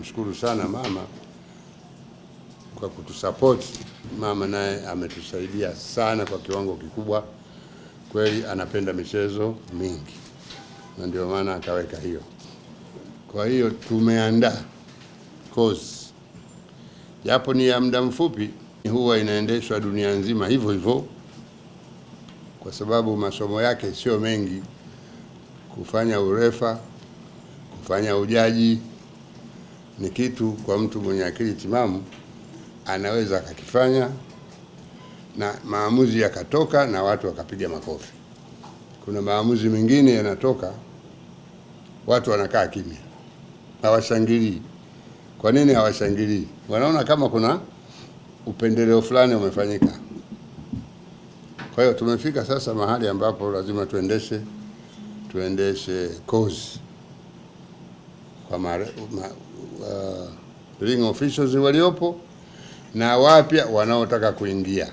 namshukuru sana mama kwa kutusapoti. Mama naye ametusaidia sana kwa kiwango kikubwa, kweli anapenda michezo mingi, na ndio maana akaweka hiyo. Kwa hiyo tumeandaa course japo ni ya muda mfupi, huwa inaendeshwa dunia nzima hivyo hivyo, kwa sababu masomo yake sio mengi, kufanya urefa, kufanya ujaji ni kitu kwa mtu mwenye akili timamu anaweza akakifanya na maamuzi yakatoka na watu wakapiga makofi. Kuna maamuzi mengine yanatoka, watu wanakaa kimya, hawashangilii. Kwa nini hawashangilii? Wanaona kama kuna upendeleo fulani umefanyika. Kwa hiyo tumefika sasa mahali ambapo lazima tuendeshe tuendeshe kozi kwa ma, ma, uh, ring officials waliopo na wapya wanaotaka kuingia.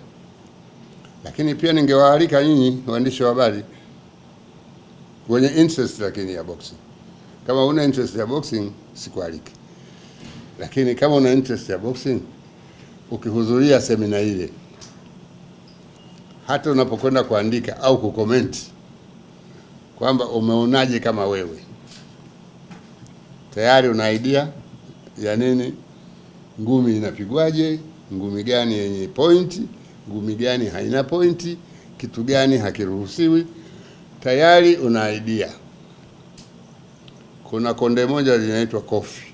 Lakini pia ningewaalika nyinyi waandishi wa habari wenye interest lakini ya boxing. Kama una interest ya boxing sikualiki, lakini kama una interest ya boxing ukihudhuria semina ile, hata unapokwenda kuandika au kukomenti kwamba umeonaje kama wewe tayari una idea ya nini ngumi inapigwaje, ngumi gani yenye pointi, ngumi gani haina pointi, kitu gani hakiruhusiwi, tayari una idea. Kuna konde moja linaitwa kofi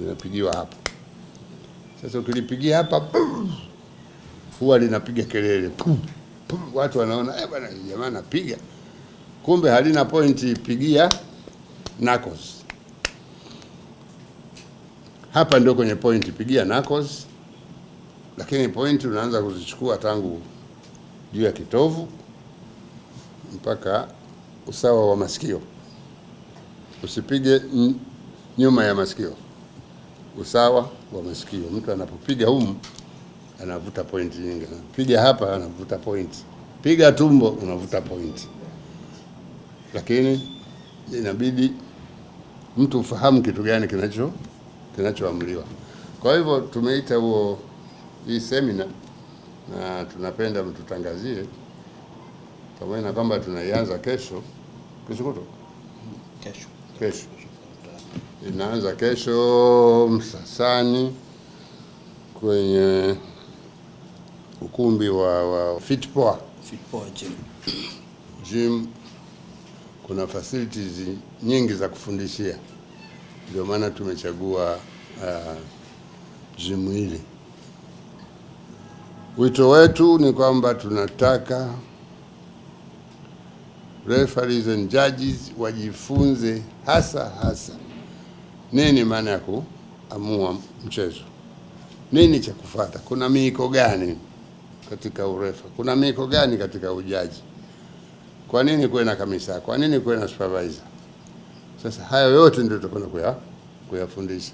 linapigiwa hapa. Sasa ukilipigia hapa huwa linapiga kelele pum, pum, watu wanaona eh, bwana jamaa anapiga, kumbe halina pointi, pigia knuckles hapa ndio kwenye point, pigia knuckles, lakini point unaanza kuzichukua tangu juu ya kitovu mpaka usawa wa masikio. Usipige nyuma ya masikio, usawa wa masikio. Mtu anapopiga humu anavuta point nyingi, piga hapa anavuta point, piga tumbo unavuta point, lakini inabidi mtu ufahamu kitu gani kinacho kinachoamriwa. Kwa hivyo tumeita huo hii semina na tunapenda mtutangazie, pamoja na kwamba tunaianza kesho, kesho kuto kesho, kesho inaanza kesho Msasani kwenye ukumbi wa, wa Fitpoa Fitpoa gym. Gym kuna facilities nyingi za kufundishia. Ndio maana tumechagua uh, hili. Wito wetu ni kwamba tunataka referees and judges wajifunze hasa hasa nini maana ya kuamua mchezo, nini cha kufata kuna miiko gani katika urefa, kuna miiko gani katika ujaji, kwa nini kuwe na kamisa, kwa nini kuwe na supervisor sasa haya yote ndio tutakwenda kuya kuyafundisha.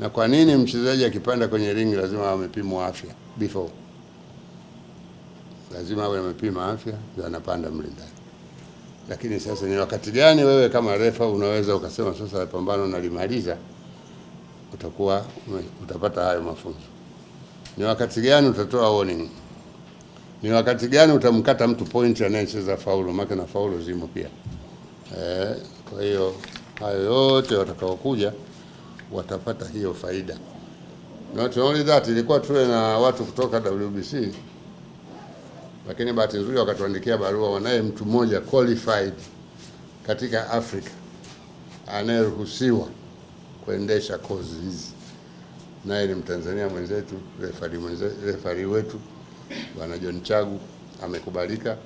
Na kwa nini mchezaji akipanda kwenye ringi lazima amepimwa afya before? Lazima awe amepima afya ndio anapanda mle ndani. Lakini sasa ni wakati gani wewe kama refa unaweza ukasema sasa pambano nalimaliza? Utakuwa utapata hayo mafunzo. Ni wakati gani utatoa warning? Ni wakati gani utamkata mtu point anayecheza faulu? Maana na faulu zimo pia eh. Kwa hiyo hayo yote watakaokuja watapata hiyo faida. Not only that, ilikuwa tuwe na watu kutoka WBC, lakini bahati nzuri wakatuandikia barua, wanaye mtu mmoja qualified katika Afrika anayeruhusiwa kuendesha kozi hizi, naye ni Mtanzania mwenzetu, refari mwenzetu, refari wetu Bwana John Chagu amekubalika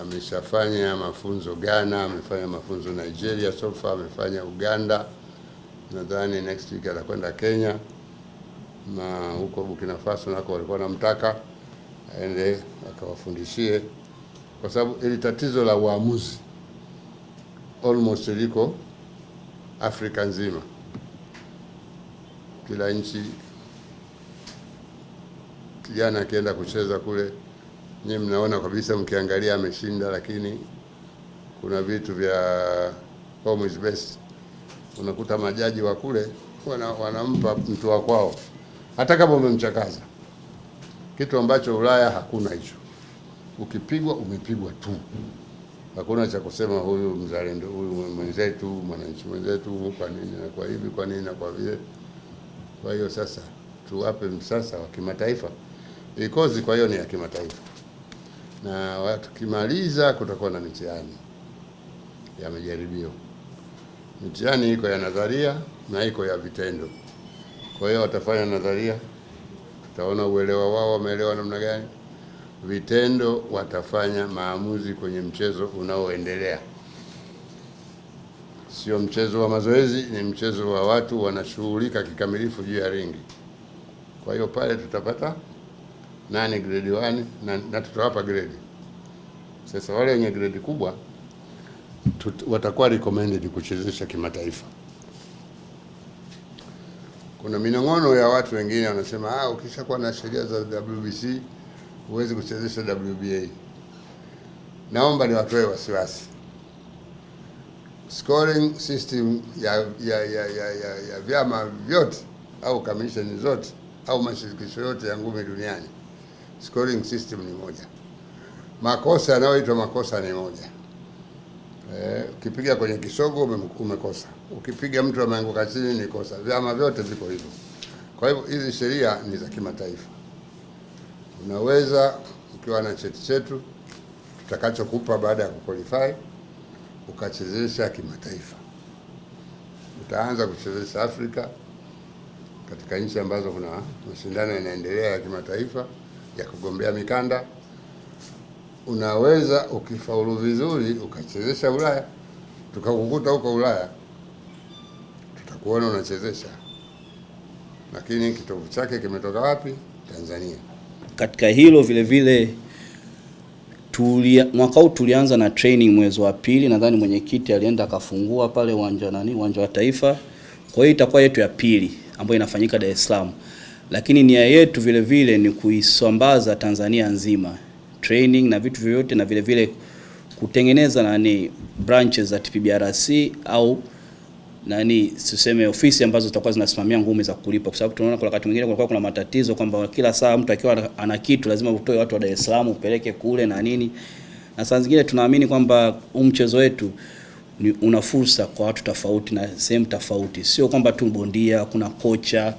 ameshafanya mafunzo Ghana, amefanya mafunzo Nigeria, sofa amefanya Uganda, nadhani next week atakwenda Kenya na huko Burkina Faso nako walikuwa wanamtaka aende akawafundishie, kwa sababu ili tatizo la uamuzi almost liko Afrika nzima, kila nchi kijana akienda kucheza kule nyinyi mnaona kabisa mkiangalia ameshinda, lakini kuna vitu vya home is best. Unakuta majaji wa kule wana, wanampa mtu wa kwao hata kama umemchakaza, kitu ambacho Ulaya hakuna hicho. Ukipigwa umepigwa tu, hakuna cha kusema huyu mzalendo, huyu mwenzetu, mwananchi mwenzetu, kwa nini na kwa hivi, kwa nini na kwa vile. Kwa hiyo sasa tuwape msasa wa kimataifa ikozi, kwa hiyo ni ya kimataifa na tukimaliza kutakuwa na mitihani ya majaribio. Mitihani iko ya nadharia na iko ya vitendo. Kwa hiyo watafanya nadharia, tutaona uelewa wao wameelewa namna gani. Vitendo watafanya maamuzi kwenye mchezo unaoendelea. Sio mchezo wa mazoezi, ni mchezo wa watu wanashughulika kikamilifu juu ya ringi. Kwa hiyo pale tutapata nani grade 1 na, na tutawapa grade. Sasa wale wenye grade kubwa tut, watakuwa recommended kuchezesha kimataifa. Kuna minong'ono ya watu wengine wanasema, ah, ukishakuwa na sheria za WBC huwezi kuchezesha WBA. Naomba niwatoe wasiwasi. Scoring system ya ya ya ya, ya, ya vyama vyote au kamisheni zote au mashirikisho yote ya ngumi duniani scoring system ni moja, makosa yanayoitwa makosa ni moja. Eh, ukipiga kwenye kisogo umekosa, ukipiga mtu ameanguka chini ni kosa. Vyama vyote viko hivyo. Kwa hivyo hizi sheria ni za kimataifa. Unaweza ukiwa na cheti chetu tutakachokupa baada ya kuqualify ukachezesha kimataifa. Utaanza kuchezesha Afrika katika nchi ambazo kuna mashindano yanaendelea ya kimataifa ya kugombea mikanda. Unaweza ukifaulu vizuri ukachezesha Ulaya, tukakukuta huko Ulaya, tutakuona unachezesha, lakini kitovu chake kimetoka wapi? Tanzania. Katika hilo vile vile tulia, mwaka huu tulianza na training mwezi wa pili, nadhani mwenyekiti alienda akafungua pale uwanja nani, uwanja wa Taifa. Kwa hiyo itakuwa yetu ya pili ambayo inafanyika Dar es Salaam lakini nia yetu vile vile ni kuisambaza Tanzania nzima training na vitu vyote, na vile vile kutengeneza nani branches za TPBRC au nani tuseme ofisi ambazo zitakuwa zinasimamia ngumi za kulipa, kwa sababu tunaona kwa wakati mwingine kulikuwa kuna matatizo kwamba kila saa mtu akiwa ana kitu lazima utoe watu wa Dar es Salaam upeleke kule na nini, na saa zingine tunaamini kwamba mchezo wetu una fursa kwa watu tofauti na sehemu tofauti, sio kwamba tu bondia, kuna kocha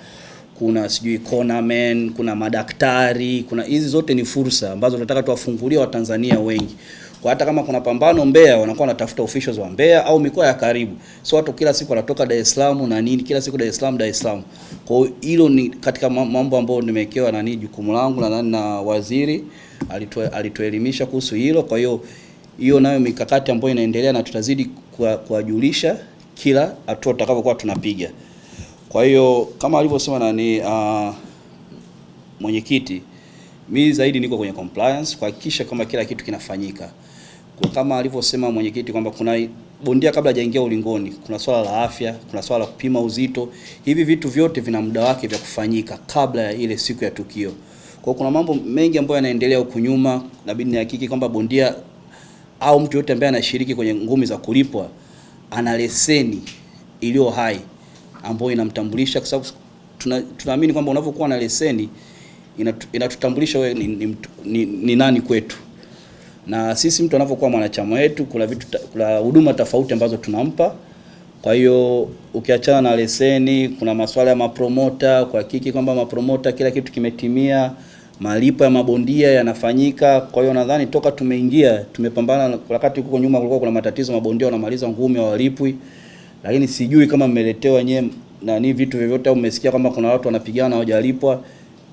kuna sijui cornermen, kuna madaktari, kuna hizi zote ni fursa ambazo tunataka tuwafungulie Watanzania wengi. Kwa hata kama kuna pambano Mbeya, wanakuwa wanatafuta officials wa Mbeya au mikoa ya karibu, so watu kila siku wanatoka Dar es Salaam na nini, kila siku Dar es Salaam, Dar es Salaam. Kwa hiyo hilo ni katika mambo ambayo nimewekewa nani jukumu langu na nani, na waziri alituelimisha kuhusu hilo. Kwa hiyo hiyo nayo mikakati ambayo inaendelea na tutazidi kuwajulisha kila hatua tutakapokuwa tunapiga. Kwa hiyo kama alivyosema nani uh, mwenyekiti, mi zaidi niko kwenye compliance kuhakikisha kwamba kila kitu kinafanyika kwa kama alivyosema mwenyekiti kwamba kuna bondia kabla hajaingia ulingoni, kuna swala la afya, kuna swala la kupima uzito. Hivi vitu vyote vina muda wake vya kufanyika kabla ya ile siku ya tukio. Kwa kuna mambo mengi ambayo yanaendelea huku nyuma, inabidi nihakiki kwamba bondia au mtu yote ambaye anashiriki kwenye ngumi za kulipwa ana leseni iliyo hai ambayo inamtambulisha, kwa sababu tunaamini kwamba unapokuwa na leseni inatutambulisha wewe ni, ni, ni, ni nani kwetu. Na sisi mtu anapokuwa mwanachama wetu, kuna vitu, kuna huduma tofauti ambazo tunampa. Kwa hiyo ukiachana na leseni, kuna masuala ya mapromota, kuhakiki kwamba mapromota kila kitu kimetimia, malipo ya mabondia yanafanyika. Kwa hiyo nadhani toka tumeingia tumepambana, wakati huko nyuma kulikuwa kuna matatizo, mabondia wanamaliza ngumi hawalipwi lakini sijui kama mmeletewa nyewe nani vitu vyovyote au mmesikia kama kuna watu wanapigana hawajalipwa.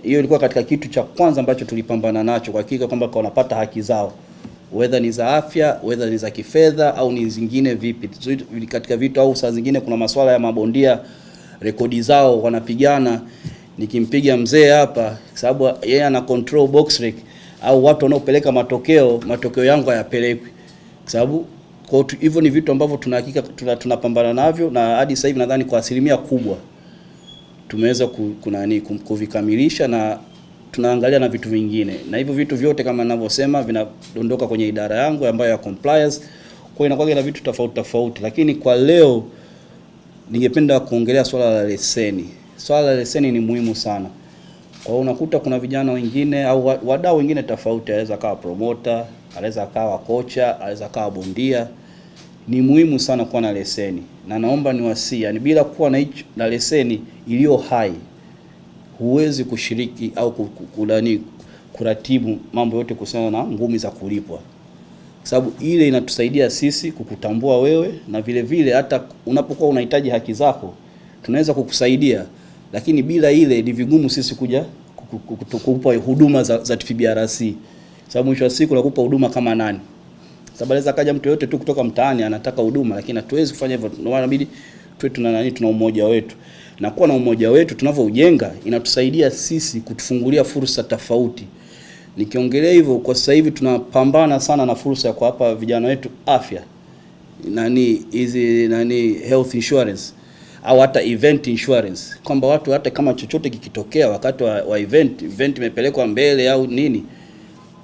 Hiyo ilikuwa katika kitu cha kwanza ambacho tulipambana nacho kwa hakika kwamba wanapata haki zao, whether ni za afya, whether ni za kifedha au ni zingine vipi, katika vitu au saa zingine kuna masuala ya mabondia rekodi zao wanapigana. Nikimpiga mzee hapa, sababu yeye ana control box rec, au watu wanaopeleka matokeo, matokeo yangu hayapelekwi, sababu kwa hivyo ni vitu ambavyo tunahakika tunapambana tuna navyo, na hadi sasa hivi nadhani kwa asilimia kubwa tumeweza kunani kuvikamilisha na tunaangalia na vitu vingine, na hivyo vitu vyote kama ninavyosema vinadondoka kwenye idara yangu ambayo ya compliance, kwa inakuwa na vitu tofauti tofauti, lakini kwa leo ningependa kuongelea swala la leseni. Swala la leseni ni muhimu sana. Kwa hiyo unakuta kuna vijana wengine au wadau wengine tofauti, anaweza akawa promoter, anaweza akawa kocha, anaweza akawa bondia ni muhimu sana kuwa na leseni, na naomba niwasia, yani bila kuwa na hicho na leseni iliyo hai huwezi kushiriki au kulani kuratibu mambo yote kuhusiana na ngumi za kulipwa, kwa sababu ile inatusaidia sisi kukutambua wewe, na vile vile hata unapokuwa unahitaji haki zako tunaweza kukusaidia, lakini bila ile ni vigumu sisi kuja kukupa huduma za, za TPBRC, sababu mwisho wa siku nakupa huduma kama nani? sababu anaweza kaja mtu yote tu kutoka mtaani anataka huduma, lakini hatuwezi kufanya hivyo. Ndio maana inabidi tuwe tuna nani, tuna umoja wetu na kuwa na umoja wetu tunavyoujenga inatusaidia sisi kutufungulia fursa tofauti. Nikiongelea hivyo, kwa sasa hivi tunapambana sana na fursa ya kuwapa vijana wetu afya nani hizi nani health insurance au hata event insurance, kwamba watu hata kama chochote kikitokea wakati wa, wa event event imepelekwa mbele au nini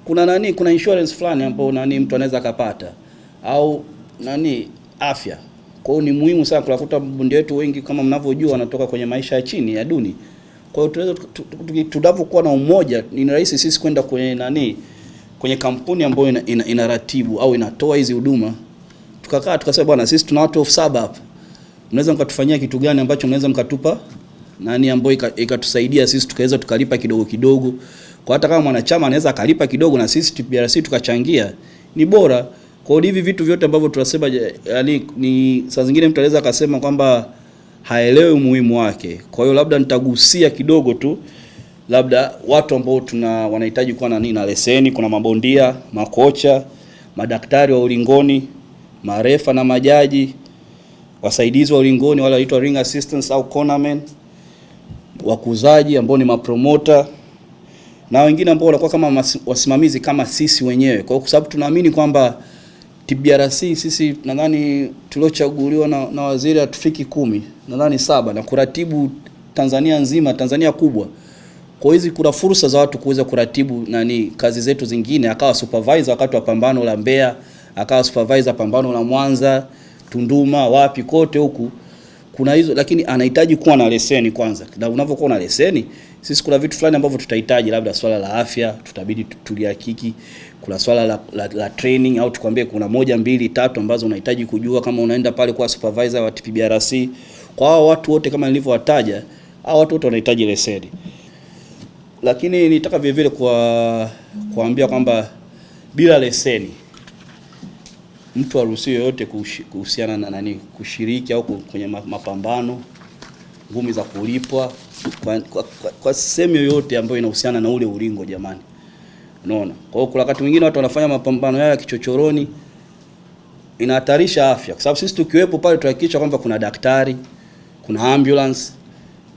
kuna nani, kuna insurance fulani ambayo nani mtu anaweza akapata au nani afya. Kwa hiyo ni muhimu sana kutafuta, mabondia wetu wengi kama mnavyojua wanatoka kwenye maisha ya chini ya duni. Kwa hiyo tunaweza tunapokuwa na umoja, ni rahisi sisi kwenda kwenye nani, kwenye kampuni ambayo inaratibu ina, ina, au inatoa hizi huduma, tukakaa tukasema, bwana, sisi tuna watu elfu saba hapa, mnaweza mkatufanyia kitu gani ambacho mnaweza mkatupa nani ambayo ikatusaidia ika sisi tukaweza tukalipa kidogo kidogo. Kwa hata kama mwanachama anaweza akalipa kidogo na sisi TPRC tukachangia, ni bora. Kwa hiyo hivi vitu vyote ambavyo tunasema yani, ni saa zingine mtu anaweza akasema kwamba haelewi umuhimu wake. Kwa hiyo labda nitagusia kidogo tu, labda watu ambao tuna wanahitaji kuwa na nini na leseni, kuna mabondia, makocha, madaktari wa ulingoni, marefa na majaji, wasaidizi wa ulingoni wale wanaitwa ring assistants au cornermen, wakuzaji ambao ni mapromoter na wengine ambao wanakuwa kama wasimamizi kama sisi wenyewe, kwa sababu tunaamini kwamba TBRC sisi nadhani tuliochaguliwa na, na waziri hatufiki kumi, nadhani saba, na kuratibu Tanzania nzima, Tanzania kubwa. Kwa hizi kuna fursa za watu kuweza kuratibu nani kazi zetu zingine, akawa supervisor wakati wa pambano la Mbeya, akawa supervisor pambano la Mwanza, Tunduma, wapi kote huku kuna hizo, lakini anahitaji kuwa na leseni kwanza, na unavyokuwa na leseni sisi kuna vitu fulani ambavyo tutahitaji, labda swala la afya tutabidi tulihakiki, kuna swala la, la, la training au tukwambie kuna moja mbili tatu ambazo unahitaji kujua kama unaenda pale kwa supervisor wa TPBRC. Kwa hao watu wote kama nilivyowataja, hao watu wote wanahitaji leseni, lakini nitaka vile vile kwa kuambia kwamba bila leseni mtu aruhusiwe yoyote kuhusiana na nani, kushiriki au kwenye mapambano ngumi za kulipwa kwa, kwa, kwa, kwa sehemu yoyote ambayo inahusiana na ule ulingo jamani. Unaona? Kwa hiyo kuna wakati mwingine watu wanafanya mapambano yao ya kichochoroni inahatarisha afya, kwa sababu sisi tukiwepo pale tutahakikisha kwamba kuna daktari, kuna ambulance.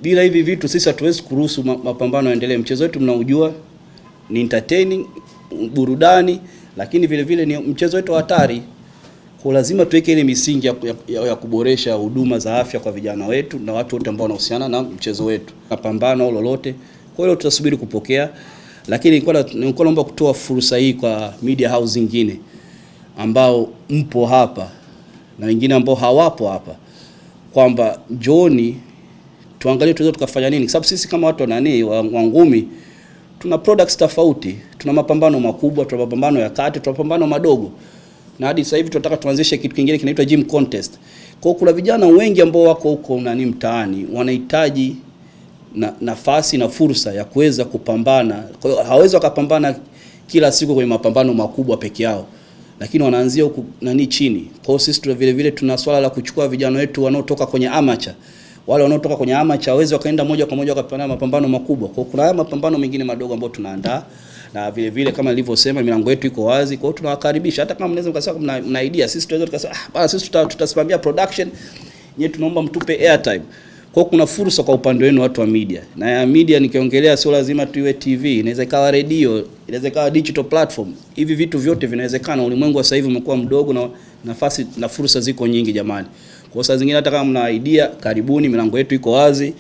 Bila hivi vitu sisi hatuwezi kuruhusu mapambano yaendelee. Mchezo wetu mnaujua ni entertaining, burudani, lakini vile vile ni mchezo wetu hatari. Kwa lazima tuweke ile misingi ya, ya, ya kuboresha huduma za afya kwa vijana wetu na watu wote ambao wanahusiana na mchezo wetu, mapambano lolote. Kwa hiyo tutasubiri kupokea, lakini nilikuwa naomba kutoa fursa hii kwa media house zingine ambao mpo hapa na wengine ambao hawapo hapa kwamba joni tuangalie tuweze tukafanya nini, kwa sababu sisi kama watu nani wa ngumi tuna products tofauti, tuna mapambano makubwa, tuna mapambano ya kati, tuna mapambano madogo na hadi sasa hivi tunataka tuanzishe kitu kingine kinaitwa gym contest. Kwa hiyo kuna vijana wengi ambao wako huko nani mtaani wanahitaji na, nafasi na fursa ya kuweza kupambana. Kwa hiyo hawezi wakapambana kila siku kwenye mapambano makubwa peke yao, lakini wanaanzia huku nani chini. Kwa hiyo sisi tu vile vile tuna swala la kuchukua vijana wetu wanaotoka kwenye amacha, wale wanaotoka kwenye amacha waweze wakaenda moja kwa moja wakapambana mapambano makubwa. Kwa hiyo kuna haya mapambano mengine madogo ambayo tunaandaa na vile vile kama nilivyosema, milango yetu iko wazi. Kwa hiyo tunawakaribisha, hata kama mnaweza mkasema mna, mna idea, sisi tunaweza tukasema ah, bana sisi tutasimamia production nyewe, tunaomba mtupe airtime. Kwa kuna fursa kwa upande wenu watu wa media. Na ya media nikiongelea sio lazima tuwe TV, inaweza ikawa radio, inaweza ikawa digital platform. Hivi vitu vyote vinawezekana. Ulimwengu wa sasa hivi umekuwa mdogo na nafasi na fursa ziko nyingi jamani. Kwa sababu zingine hata kama mna idea, karibuni, milango yetu iko wazi.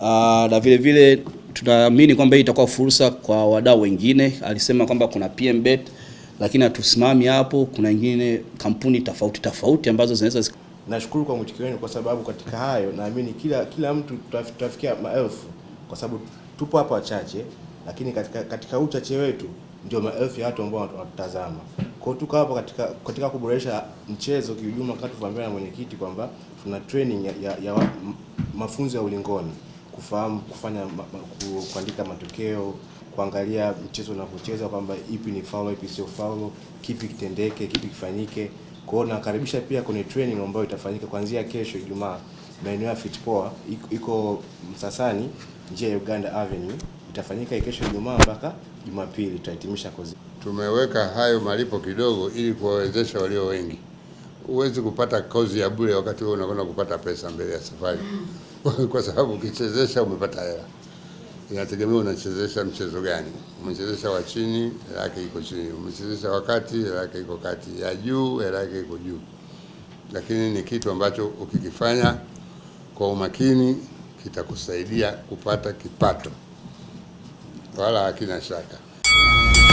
Aa, ah, na vile vile tunaamini kwamba hii itakuwa fursa kwa wadau wengine. Alisema kwamba kuna PMBet, lakini hatusimami hapo, kuna nyingine kampuni tofauti tofauti ambazo zinaweza. Nashukuru kwa mwitikio wenu, kwa sababu katika hayo naamini kila kila mtu tutafikia maelfu, kwa sababu tupo hapa wachache, lakini katika katika uchache wetu ndio maelfu ya watu ambao watatazama. Kwa hiyo tuko hapa katika katika kuboresha mchezo kiujumla, kama tuvambiwa na mwenyekiti kwamba tuna training ya, ya, ya mafunzo ya ulingoni kufahamu kufanya kuandika matokeo, kuangalia mchezo unavyocheza kwamba ipi ni faulo, ipi sio faulo, kipi kitendeke, kipi kifanyike. Kwa nakaribisha pia kwenye training ambayo itafanyika kuanzia kesho Ijumaa maeneo ya Fitpoa iko Msasani, njia ya Uganda Avenue. Itafanyika kesho Ijumaa mpaka Jumapili tutahitimisha kozi. Tumeweka hayo malipo kidogo ili kuwawezesha walio wengi. Huwezi kupata kozi ya bure wakati wewe unakwenda kupata pesa mbele ya safari. kwa sababu ukichezesha umepata hela. Inategemea unachezesha mchezo gani. Umechezesha wa chini, hela yake iko chini. Umechezesha wa kati, hela yake iko kati. Ya juu, hela yake iko juu. Lakini ni kitu ambacho ukikifanya kwa umakini kitakusaidia kupata kipato, wala hakina shaka.